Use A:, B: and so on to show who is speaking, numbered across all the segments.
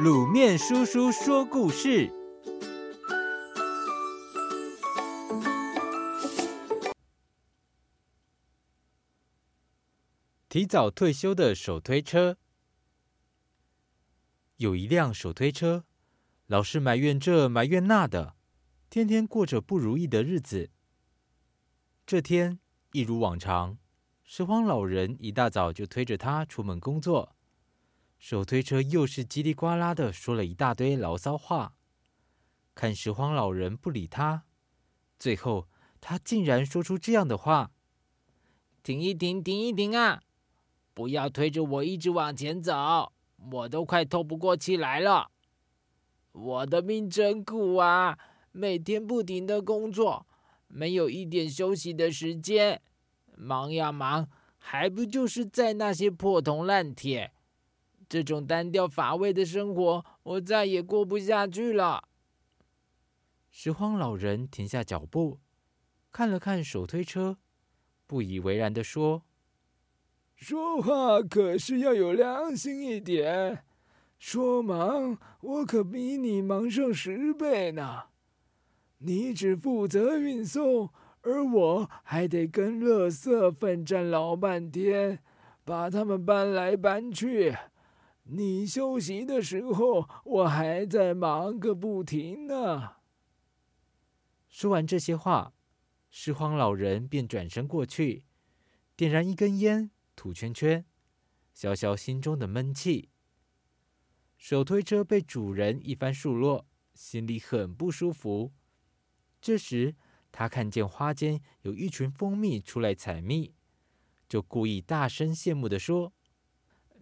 A: 滷麵叔叔說故事：提早退休的手推車，有一輛手推車，老是埋怨這埋怨那的，天天過着不如意的日子。這天一如往常，拾荒老人一大早就推着他出門工作。手推車又是嘰里呱啦的，說了一大堆牢騷話，看拾荒老人不理他，最後他竟然說出這樣的話：“停一停，停一停啊！不要推着我一直往前走，我都快透不過氣來了。我的命真苦啊！每天不停的工作，沒有一點休息的時間，忙呀忙，還不就是在那些破銅爛鐵。”這種單調乏味的生活，我再也過不下去了。拾荒老人停下腳步，看了看手推車，不以為然地說：“說話可是要有良心一點。說忙，我可比你忙上十倍呢。你只負責運送，而我還得跟垃圾奮戰老半天，把它們搬來搬去。”你休息的時候，我還在忙個不停呢。說完這些話，拾荒老人便轉身過去，點燃一根煙，吐圈圈，消消心中的悶氣。手推車被主人一番數落，心裡很不舒服。這時，他看見花間有一群蜜蜂出來採蜜，就故意大聲羨慕地說。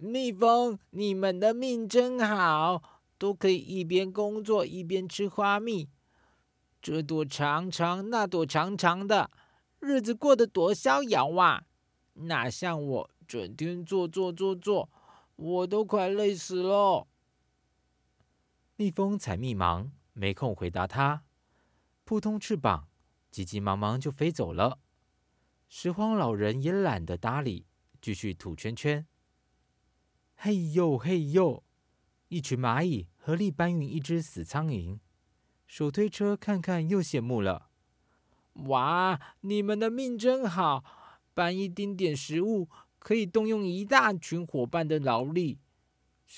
A: 蜜蜂，你們的命真好，都可以一邊工作一邊吃花蜜。這朵長長，那朵長長的，日子過得多逍遙啊！哪像我，整天做做做做，我都快累死了。蜜蜂採蜜忙，沒空回答他，撲通翅膀，急急忙忙就飛走了。拾荒老人也懶得搭理，繼續吐圈圈。嘿呦嘿呦，一群螞蟻合力搬運一只死蒼蠅，手推車看看又羨慕了。哇，你們的命真好，搬一丁點食物可以動用一大群夥伴的勞力，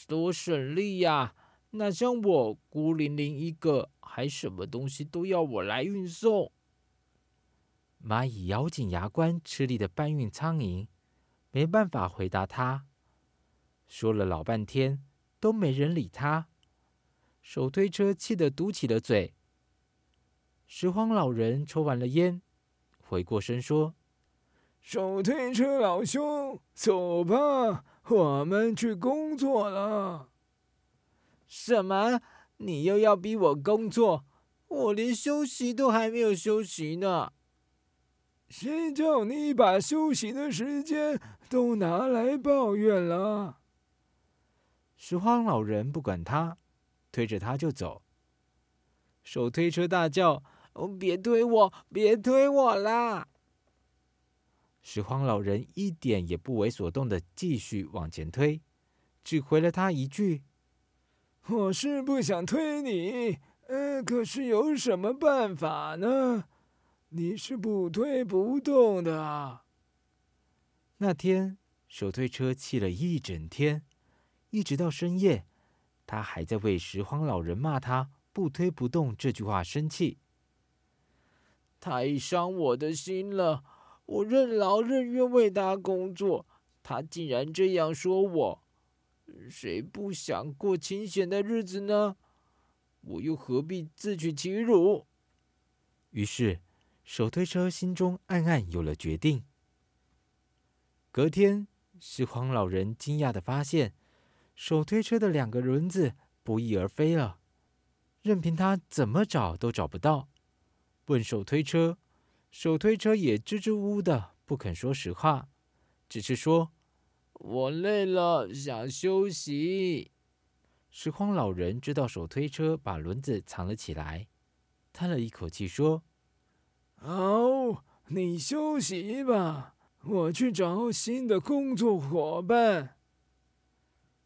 A: 多省力呀！哪像我孤零零一個，還什麼東西都要我來運送。螞蟻咬緊牙關，吃力的搬運蒼蠅，沒辦法回答他。說了老半天，都沒人理他。手推車氣得嘟起了嘴。拾荒老人抽完了煙，回過身說：“手推車老兄，走吧，我們去工作了。”“什麼？你又要逼我工作？我連休息都還沒有休息呢。”“誰叫你把休息的時間都拿來抱怨了？”拾荒老人不管他，推着他就走。手推車大叫：“哦，別推我，別推我啦！”拾荒老人一點也不為所動地繼續往前推，只回了他一句：“我是不想推你，呃，可是有什麼辦法呢？你是不推不動的啊。”那天，手推車氣了一整天。一直到深夜，他還在為拾荒老人罵他不推不動這句話生氣。太傷我的心了！我任勞任怨為他工作，他竟然這樣說我。誰不想過清閒的日子呢？我又何必自取其辱？於是，手推車心中暗暗有了決定。隔天，拾荒老人驚訝的發現。手推車的兩個輪子不翼而飛了，任憑他怎麼找都找不到。問手推車，手推車也支支吾吾的不肯說實話，只是說：“我累了，想休息。”拾荒老人知道手推車把輪子藏了起來，嘆了一口氣說：“好，你休息吧，我去找新的工作夥伴。”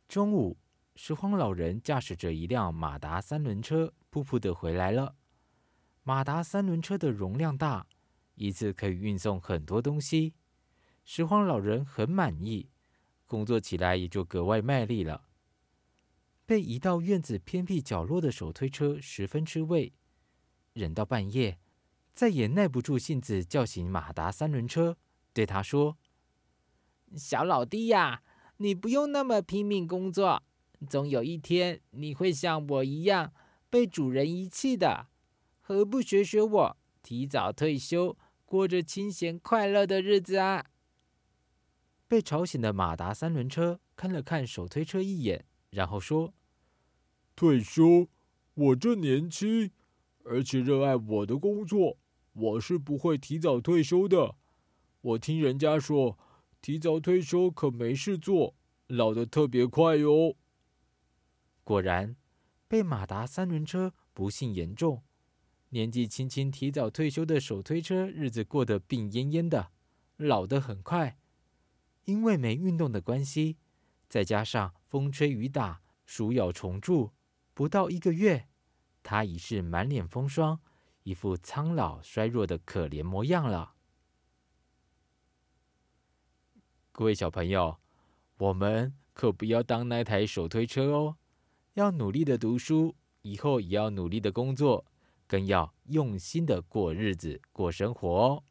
A: 中午，拾荒老人駕駛着一輛馬達三輪車，噗噗的回來了。馬達三輪車的容量大，一次可以運送很多東西。拾荒老人很滿意，工作起來也就格外賣力了。被移到院子偏僻角落的手推車十分吃味，忍到半夜，再也耐不住性子，叫醒馬達三輪車，對他說：“小老弟呀、啊。”你不用那麼拼命工作，總有一天你會像我一樣被主人遺棄的，何不學學我，提早退休，過着清閒快樂的日子啊？被吵醒的馬達三輪車看了看手推車一眼，然後說：“退休？我正年輕，而且熱愛我的工作，我是不會提早退休的。我聽人家說。”提早退休可沒事做，老得特別快喲。果然，被馬達三輪車不幸言中，年紀輕輕提早退休的手推車，日子過得病懨懨的，老得很快。因為沒運動的關係，再加上風吹雨打、鼠咬蟲蛀，不到一個月，他已是滿臉風霜，一副蒼老衰弱的可憐模樣了。各位小朋友，我們可不要當那台手推車哦。要努力的讀書，以後也要努力的工作，更要用心的過日子、過生活哦。